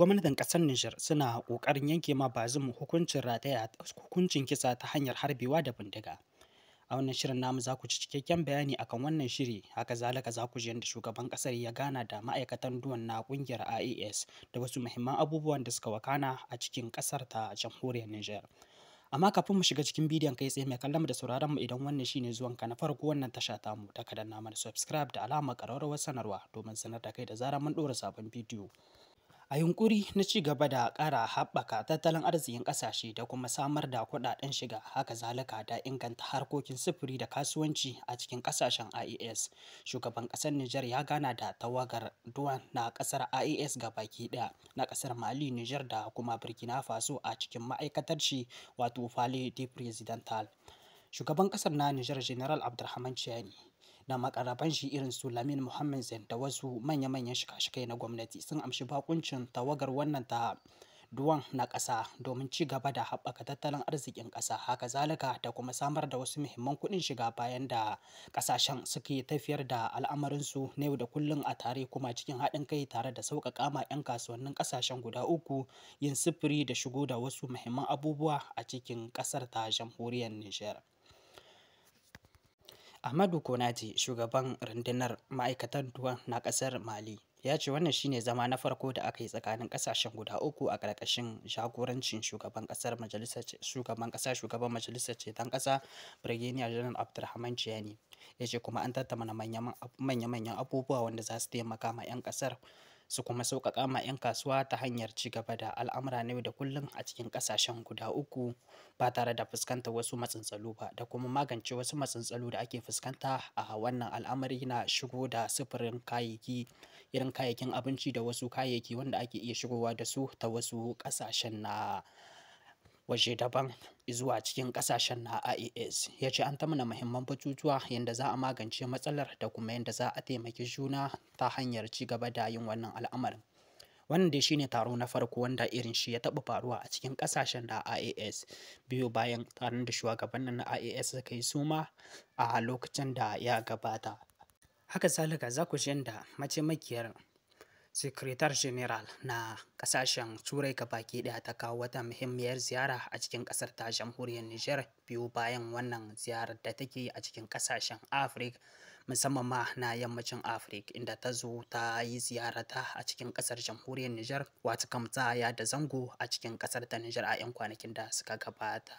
gwamnatin kasar Nijar suna kokarin yanke ma Bazum hukuncin rataya hukuncin kisa ta hanyar harbewa da bindiga. A wannan shirin namu za ku ci cikakken bayani akan wannan shiri, haka zalika za ku ji yadda shugaban kasar ya gana da ma'aikatan duwan na ƙungiyar IAS da wasu muhimman abubuwan da suka wakana a cikin kasar ta jamhuriyar Nijar. amma kafin mu shiga cikin bidiyon kai tsaye mai kallon da sauraron mu idan wannan shine zuwan ka na farko wannan tasha ta mu ta kadanna mana subscribe da alamar karawar sanarwa domin sanar da kai da zarar mun ɗora sabon bidiyo a yunkuri na ci gaba da ƙara haɓaka tattalin arzikin ƙasashe da kuma samar da kuɗaɗen shiga haka zalika da inganta harkokin sufuri da kasuwanci a cikin ƙasashen IAS, shugaban ƙasar niger ya gana da tawagar duwan na ƙasar ga baki ɗaya na ƙasar mali niger da kuma burkina faso a cikin ma'aikatar shi wato fale de presidential shugaban ƙasar na niger general abdulrahman chiani da makarraban shi irin su Lamin Muhammad Zain da wasu manya-manyan shika-shikai na gwamnati sun amshi bakuncin tawagar wannan ta duwan na ƙasa domin ci gaba da haɓaka tattalin arzikin ƙasa haka zalika da kuma samar da wasu muhimman kuɗin shiga bayan da ƙasashen suke tafiyar da al'amarinsu na yau da kullum a tare kuma cikin haɗin kai tare da sauƙaƙa ma 'yan kasuwannin ƙasashen guda uku yin sufuri da shigo da wasu muhimman abubuwa a cikin ƙasar ta jamhuriyar Nijar. Ahmadu konati shugaban rundunar ma'aikatan ruwan na ƙasar Mali ya ce wannan shine zama na farko da aka yi tsakanin ƙasashen guda uku a ƙarƙashin jagorancin shugaban ƙasar majalisar shugaban ƙasa shugaban majalisar dan ƙasa birginia Janar Abdulrahman Chiani ya ce kuma an tattauna manya-manyan abubuwa wanda za su taimaka ma 'yan ƙasar su kuma sauƙaƙa ma 'yan kasuwa ta hanyar ci gaba da al'amura na yau da kullum a cikin ƙasashen guda uku ba tare da fuskantar wasu matsantsalu ba da kuma magance wasu matsantsalu da ake fuskanta a wannan al'amari na shigo da sufurin kayayyaki irin kayayyakin abinci da wasu kayayyaki wanda ake iya shigowa da su ta wasu ƙasashen na waje daban zuwa cikin kasashen na IAS ya ce an tamana muhimman batutuwa yadda za a magance matsalar da kuma yadda za a taimaki juna ta hanyar ci gaba da yin wannan al'amarin wannan dai shine taro na farko wanda irin shi ya taɓa faruwa a cikin ƙasashen da IAS biyu bayan taron da shuwagabannin na IAS suka yi suma a lokacin da ya gabata haka zalika za ku da mace makiyar Sekretar General na kasashen Turai ga baki ɗaya ta kawo wata muhimmiyar ziyara a cikin ƙasar ta jamhuriyar niger biyu bayan wannan ziyarar da take a cikin ƙasashen Afirka musamman ma na yammacin Afirka inda ta zo ta yi ziyarata a cikin ƙasar jamhuriyar niger wata kamta ya da zango a cikin ƙasar ta Nijar a 'yan kwanakin da suka gabata.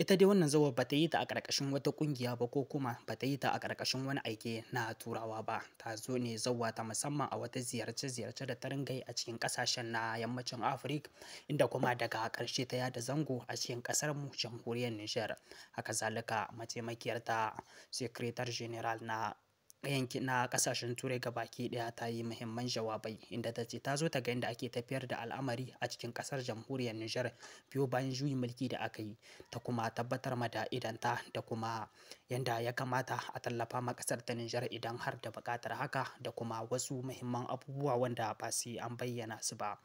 ita dai wannan zawar ba ta yi ta a ƙarƙashin wata ƙungiya ba ko kuma ba ta yi ta a ƙarƙashin wani aiki na turawa ba ta zo ne zawa ta musamman a wata ziyarce-ziyarce da ta ringai a cikin ƙasashen na yammacin afirik inda kuma daga ƙarshe ta yada zango a cikin ƙasar mu jamhuriyar nijar haka zalika mataimakiyar ta secretary general na yanki na kasashen turai gabaki daya ta yi muhimman jawabai inda ta ce ta zo ta ga inda ake tafiyar da al'amari a cikin kasar jamhuriyar Nijar biyu bayan juyin mulki da aka yi ta kuma tabbatar ma da idanta da kuma yanda ya kamata a tallafa ma kasar ta Nijar idan har da bukatar haka da kuma wasu muhimman abubuwa wanda ba sai an bayyana su ba.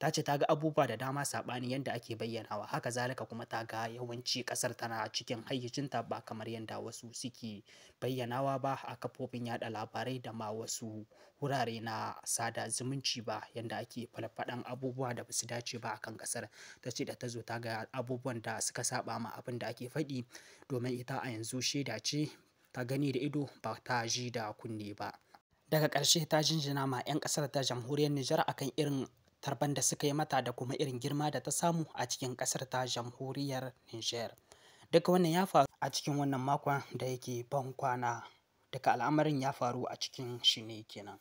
ta ce ta ga abubuwa da dama saɓani yadda ake bayyanawa haka zalika kuma ta ga yawanci ƙasar tana cikin hayyacinta ba kamar yadda wasu suke bayyanawa ba a kafofin yada labarai da ma wasu wurare na sada zumunci ba yadda ake falfaɗan abubuwa da basu dace ba akan ƙasar ta ce da ta zo ta ga abubuwan da suka saba ma abin da ake faɗi domin ita a yanzu shaida ce ta gani da ido ba ta ji da kunne ba. daga ƙarshe ta jinjina ma 'yan ƙasar ta jamhuriyar Nijar akan irin tarban da suka yi mata da kuma irin girma da ta samu a cikin kasar ta jamhuriyar Niger. Duka wannan ya faru a cikin wannan makon da yake ban kwana. Duka al'amarin ya faru a cikin shi ne kenan.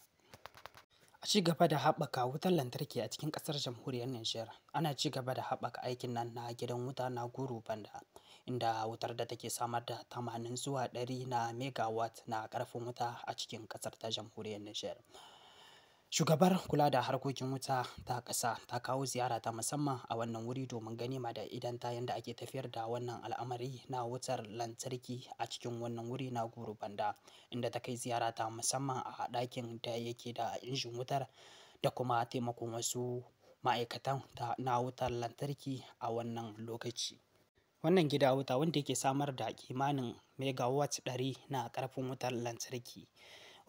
A ci gaba da haɓaka wutar lantarki a cikin ƙasar jamhuriyar Niger ana ci gaba da haɓaka aikin nan na gidan wuta na guru banda, inda wutar da take samar da tamanin zuwa ɗari na megawatt na ƙarfin wuta a cikin ƙasar ta jamhuriyar Niger. Shugabar kula da harkokin wuta ta ƙasa ta kawo ziyara ta musamman a wannan wuri domin ganima da idan ta yanda ake tafiyar da wannan al'amari na wutar lantarki a cikin wannan wuri na Guru Banda inda ta kai ziyara ta musamman a ɗakin da yake da injin wutar da kuma taimakon wasu ma'aikatan na wutar lantarki a wannan lokaci. Wannan gida wuta wanda yake samar da kimanin megawatt ɗari na ƙarfin wutar lantarki.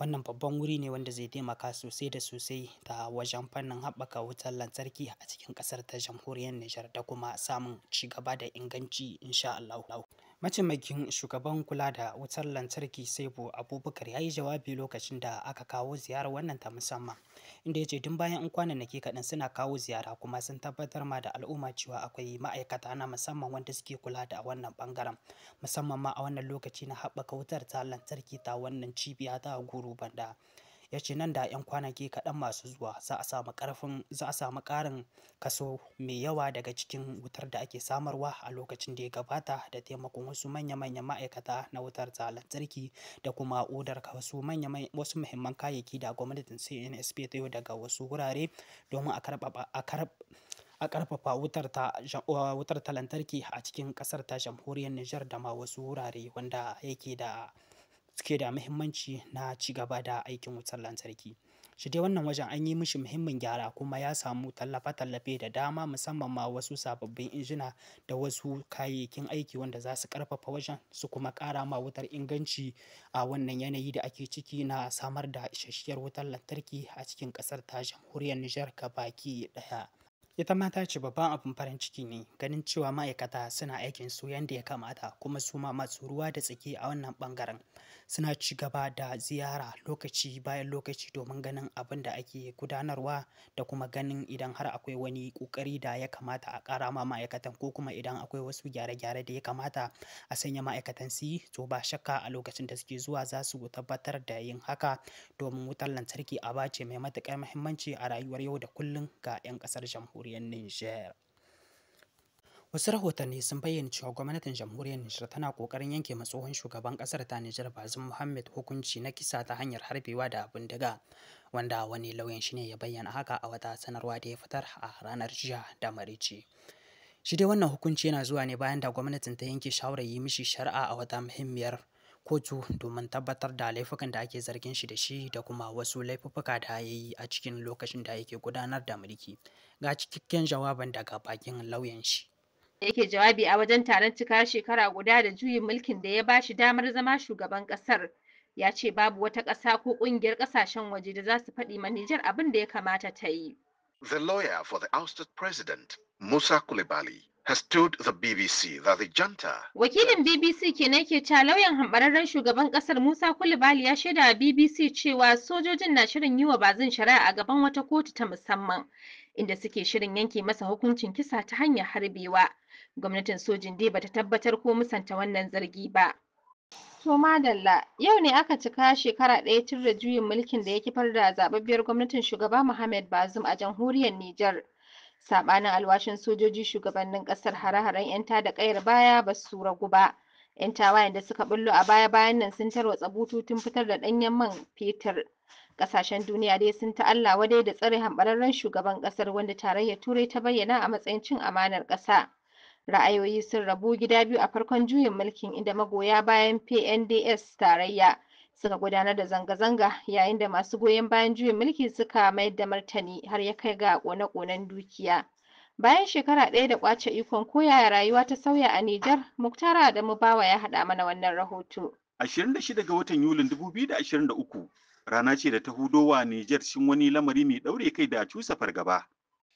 wannan babban wuri ne wanda zai taimaka sosai da sosai ta wajen fannin haɓaka wutar lantarki a cikin ƙasar ta jamhuriyar Nijar da kuma samun cigaba da inganci insha Allah. Mataimakin shugaban kula da wutar lantarki Saibo Abubakar ya yi jawabi lokacin da aka kawo ziyarar wannan ta musamman, inda ya ce tun bayan in ke kaɗan suna kawo ziyara kuma sun tabbatar ma da al'umma cewa akwai ma'aikata na musamman wanda suke kula da wannan bangaren, musamman ma a wannan lokaci na haɓaka wutar ta lantarki ta wannan cibiya ta Guru Banda. ya ce nan da 'yan kwanaki kaɗan masu zuwa za a samu ƙarin kaso mai yawa daga cikin wutar da ake samarwa a lokacin da ya gabata da taimakon wasu manya-manyan ma'aikata na wutar ta lantarki da kuma odar wasu wasu muhimman kayayyaki da gwamnatin CNSP ta yau daga wasu wurare domin a karfafa wutar ta lantarki a cikin kasar ta jamhuriyar niger da ma wasu wurare wanda yake da suke da muhimmanci na ci gaba da aikin wutar lantarki shi dai wannan wajen an yi mishi muhimmin gyara kuma ya samu tallafe-tallafe da dama musamman ma wasu sababbin injina da wasu kayayyakin aiki wanda za su karfafa wajen su kuma kara ma wutar inganci a wannan yanayi da ake ciki na samar da isasshiyar wutar lantarki a cikin kasar ta jamhuriyar Nijar ka baki daya ita ma ta ce babban abin farin ciki ne ganin cewa ma'aikata suna aikin su yadda ya kamata kuma su ma masu ruwa da tsaki a wannan bangaren suna ci gaba da ziyara lokaci bayan lokaci domin ganin abin da ake gudanarwa da kuma ganin idan har akwai wani ƙoƙari da ya kamata a ƙara ma ma'aikatan ko kuma idan akwai wasu gyare-gyare da ya kamata a sanya ma'aikatan su to ba shakka a lokacin da suke zuwa za su tabbatar da yin haka domin wutar lantarki a bace mai matuƙar muhimmanci a rayuwar yau da kullum ga 'yan ƙasar jamhuriyar Nijar. Wasu rahotanni sun bayyana cewa gwamnatin jamhuriyar Nijar tana kokarin yanke ma shugaban kasar ta Nijar Bazum Muhammad hukunci na kisa ta hanyar harbewa da bindiga, wanda wani lauyan shi ne ya bayyana haka a wata sanarwa da ya fitar a ranar jiya da marici. Shi dai wannan hukunci yana zuwa ne bayan da gwamnatin ta yanke shawarar yi mishi shari'a a wata muhimmiyar kotu domin tabbatar da laifukan da ake zargin shi da shi da kuma wasu laifuka da ya yi a cikin lokacin da yake gudanar da mulki. Ga cikakken jawaban daga bakin lauyan shi. da yake jawabi a wajen taron cika shekara guda da juyin mulkin da ya bashi damar zama shugaban kasar ya ce babu wata ƙasa ko ƙungiyar ƙasashen waje da za su faɗi ma abin da ya kamata ta yi. The lawyer for the ousted president, Musa Kulibali, has told the BBC that the junta. Wakilin BBC kenan ke ca lauyan hambararren shugaban ƙasar, Musa Kulibali ya shaida wa BBC cewa sojojin na shirin yi wa bazin shari'a a gaban wata kotu ta musamman inda suke shirin yanke masa hukuncin kisa ta hanyar harbewa gwamnatin sojin dai bata tabbatar ko musanta wannan zargi ba To madalla yau ne aka cika shekara ɗaya tun da juyin mulkin da ya kifar da zababbiyar gwamnatin shugaba Muhammad Bazum a jamhuriyar Nijar. Saɓanin alwashin sojoji shugabannin ƙasar hare-haren 'yan da ƙayar baya ba su ragu ba. 'Yan tawayen da suka bullo a baya-bayan nan sun tarwatsa bututun fitar da ɗanyen man fetur. Ƙasashen duniya dai sun ta'alla wadai da tsare hanɓararren shugaban ƙasar wanda tarayyar Turai ta bayyana a matsayin cin amanar ƙasa. Ra'ayoyi sun rabu gida biyu a farkon juyin mulkin inda magoya bayan PNDS tarayya suka gudanar da zanga-zanga yayin da masu goyon bayan juyin mulki suka mayar da martani har ya kai ga kone-konen dukiya. Bayan shekara ɗaya da ƙwace ikon koya rayuwa ta sauya a Nijar, Muktara Adamu Bawa ya haɗa mana wannan rahoto. 26 ga watan Yulin 2023 rana ce da ta hudowa Nijar shin wani lamari mai ɗaure kai da cusa fargaba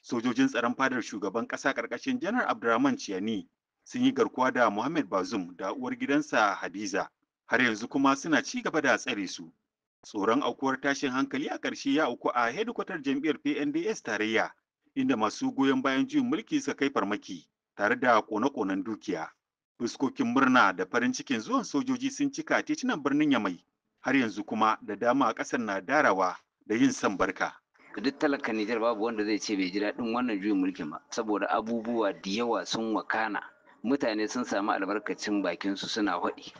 sojojin tsaron fadar shugaban ƙasa ƙarƙashin janar abdurrahman ciyani sun yi garkuwa da muhammad bazum da uwar gidansa hadiza har yanzu kuma suna ci gaba da tsare su tsoron aukuwar tashin hankali a ƙarshe ya auku a hedikwatar jam'iyyar pnds tarayya inda masu goyon bayan juyin mulki suka kai farmaki tare da kone-konen dukiya fuskokin murna da farin cikin zuwan sojoji sun cika titunan birnin yamai har yanzu kuma da dama ƙasar na darawa da yin san barka duk talaka Nijar babu wanda zai ce bai ji daɗin wannan juyin mulkin ba saboda abubuwa da yawa sun wakana mutane sun samu albarkacin bakinsu suna haɗi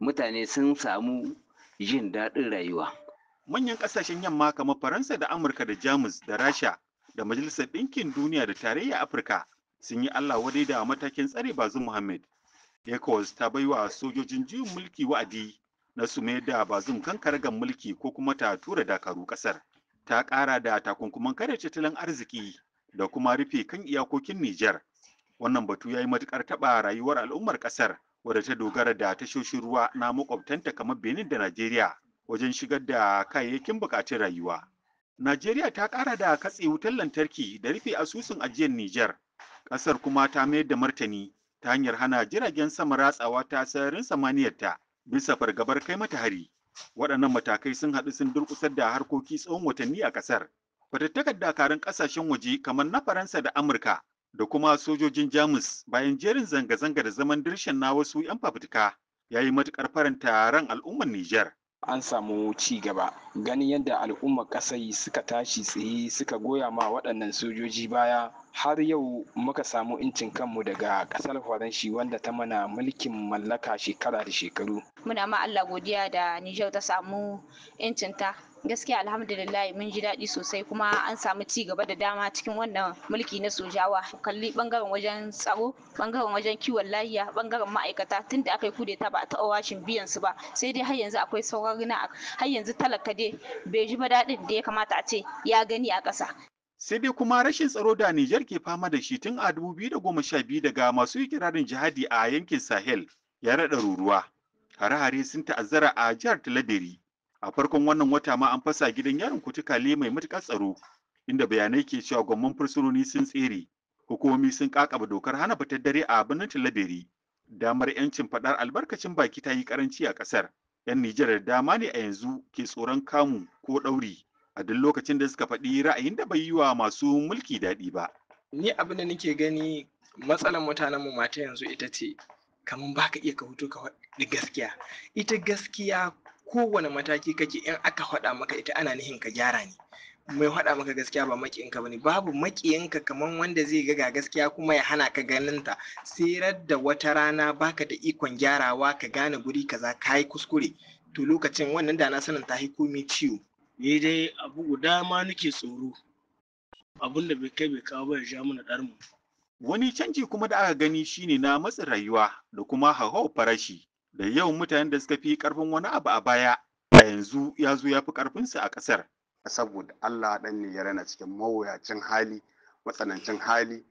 mutane sun samu jin daɗin rayuwa manyan ƙasashen yamma kamar faransa da amurka da jamus da rasha da majalisar ɗinkin duniya da tarayya afirka sun yi allah wadai da matakin tsare bazu muhammad ecowas ta baiwa sojojin juyin mulki wa'adi na su mayar da bazum mulki ko kuma ta tura dakaru ƙasar ta ƙara da takunkuman kare tattalin arziki da kuma rufe kan iyakokin Nijar. Wannan batu ya yi matuƙar taɓa rayuwar al'ummar ƙasar wadda ta dogara da tashoshin ruwa na maƙwabtanta kamar Benin da Najeriya wajen shigar da kayayyakin buƙatun rayuwa. Najeriya ta ƙara da katse wutar lantarki da rufe asusun ajiyar Nijar. Ƙasar kuma ta mayar da martani ta hanyar hana jiragen sama ratsawa ta sararin samaniyarta bisa fargabar kai mata hari. waɗannan matakai sun haɗu sun durƙusar da harkoki tsawon watanni a ƙasar fatattakar dakarun ƙasashen waje kamar na faransa da amurka da kuma sojojin jamus bayan jerin zanga-zanga da zaman dirshan na wasu 'yan fafutuka ya yi matuƙar faranta ran al'ummar nijar an samu ci gaba ganin yadda al'ummar ƙasar suka tashi tsaye suka goya ma waɗannan sojoji baya har yau muka samu incin kanmu daga ƙasar faranshi wanda ta mana mulkin mallaka shekara da shekaru muna ma Allah godiya da Nijar ta samu incinta. gaskiya alhamdulillahi mun ji daɗi sosai kuma an samu ci gaba da dama cikin wannan mulki na sojawa kalli bangaren wajen tsaro bangaren wajen kiwon lafiya bangaren ma'aikata tun da aka yi kudeta ba a taɓa washin biyan su ba sai dai har yanzu akwai sauran na har yanzu talaka dai bai ji ba daɗin da ya kamata a ce ya gani a ƙasa sai dai kuma rashin tsaro da Nijar ke fama da shi tun a 2012 daga masu ikirarin jihadi a yankin Sahel ya raɗa ruruwa. Hare-hare sun ta'azzara a jihar Talabiri a farkon wannan wata ma an fasa gidan yarin kutukale mai matukar tsaro inda bayanai ke cewa gwamman fursunoni sun tsere hukumomi sun kakaba dokar hana fitar dare a birnin tilaberi damar yancin faɗar albarkacin baki ta yi karanci a kasar yan nijar da dama ne a yanzu ke tsoron kamu ko ɗauri a duk lokacin da suka faɗi ra'ayin da bai yi wa masu mulki daɗi ba ni abin da nake gani matsalar mutanen mu mata yanzu ita ce kamar baka iya ka hutu ka gaskiya ita gaskiya kowane mataki kake in aka faɗa maka ita ana nihin ka gyara ne mai faɗa maka gaskiya ba ba ne. babu makiyanka kaman wanda zai ga gaskiya kuma ya hana ka ganinta sirar da wata rana baka da ikon gyarawa ka gane guri kaza yi kuskure to lokacin wannan da na sanin ta komi ciwo ni dai abu guda ma nake tsoro abun da bai kai bai kawo ba ya sha mana darmu wani canji kuma da aka gani shine na matsin rayuwa da kuma hauhawar farashi da yawan mutanen da suka fi karfin wani abu a baya a yanzu ya zo ya fi karfinsa a ƙasar saboda Allah dan ne ya rana cikin mawuyacin hali matsanancin hali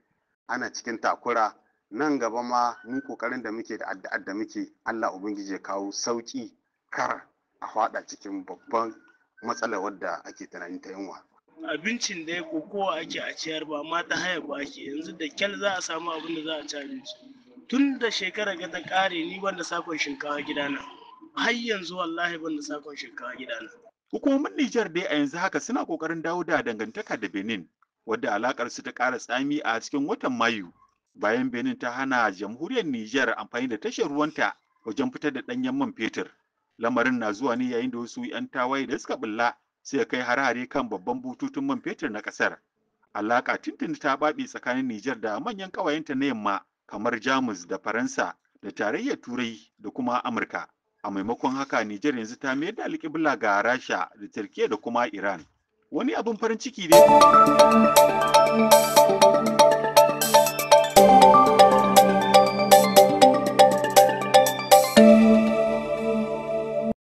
ana cikin takura nan gaba ma mu kokarin da muke da addu'ar da muke Allah ubangiji ya kawo sauki kar a faɗa cikin babban matsala wadda ake tunanin ta yunwa abincin da ya kokowa ake a ciyar ba ma ta haya ba ake yanzu da kyal za a samu abin da za a ci abinci tun da shekara ga ta ƙare ni wanda sakon shinkawa gidana har yanzu wallahi wanda sakon shinkawa gidana hukumomin Nijar dai a yanzu haka suna kokarin dawo da dangantaka da Benin wadda alakar su ta ƙara tsami a cikin watan Mayu bayan Benin ta hana jamhuriyar Nijar amfani da tashar ruwanta wajen fitar da ɗanyen man fetur lamarin na zuwa ne yayin da wasu 'yan tawaye da suka bulla sai kai hare kan babban bututun man fetur na ƙasar alaka tuntuni ta baɓi tsakanin Nijar da manyan ƙawayenta na yamma kamar Jamus da Faransa da tarayyar Turai da kuma Amurka. A maimakon haka Nijar yanzu ta mayar da alƙibla ga Rasha da Turkiyya da kuma Iran. Wani abin farin ciki ne.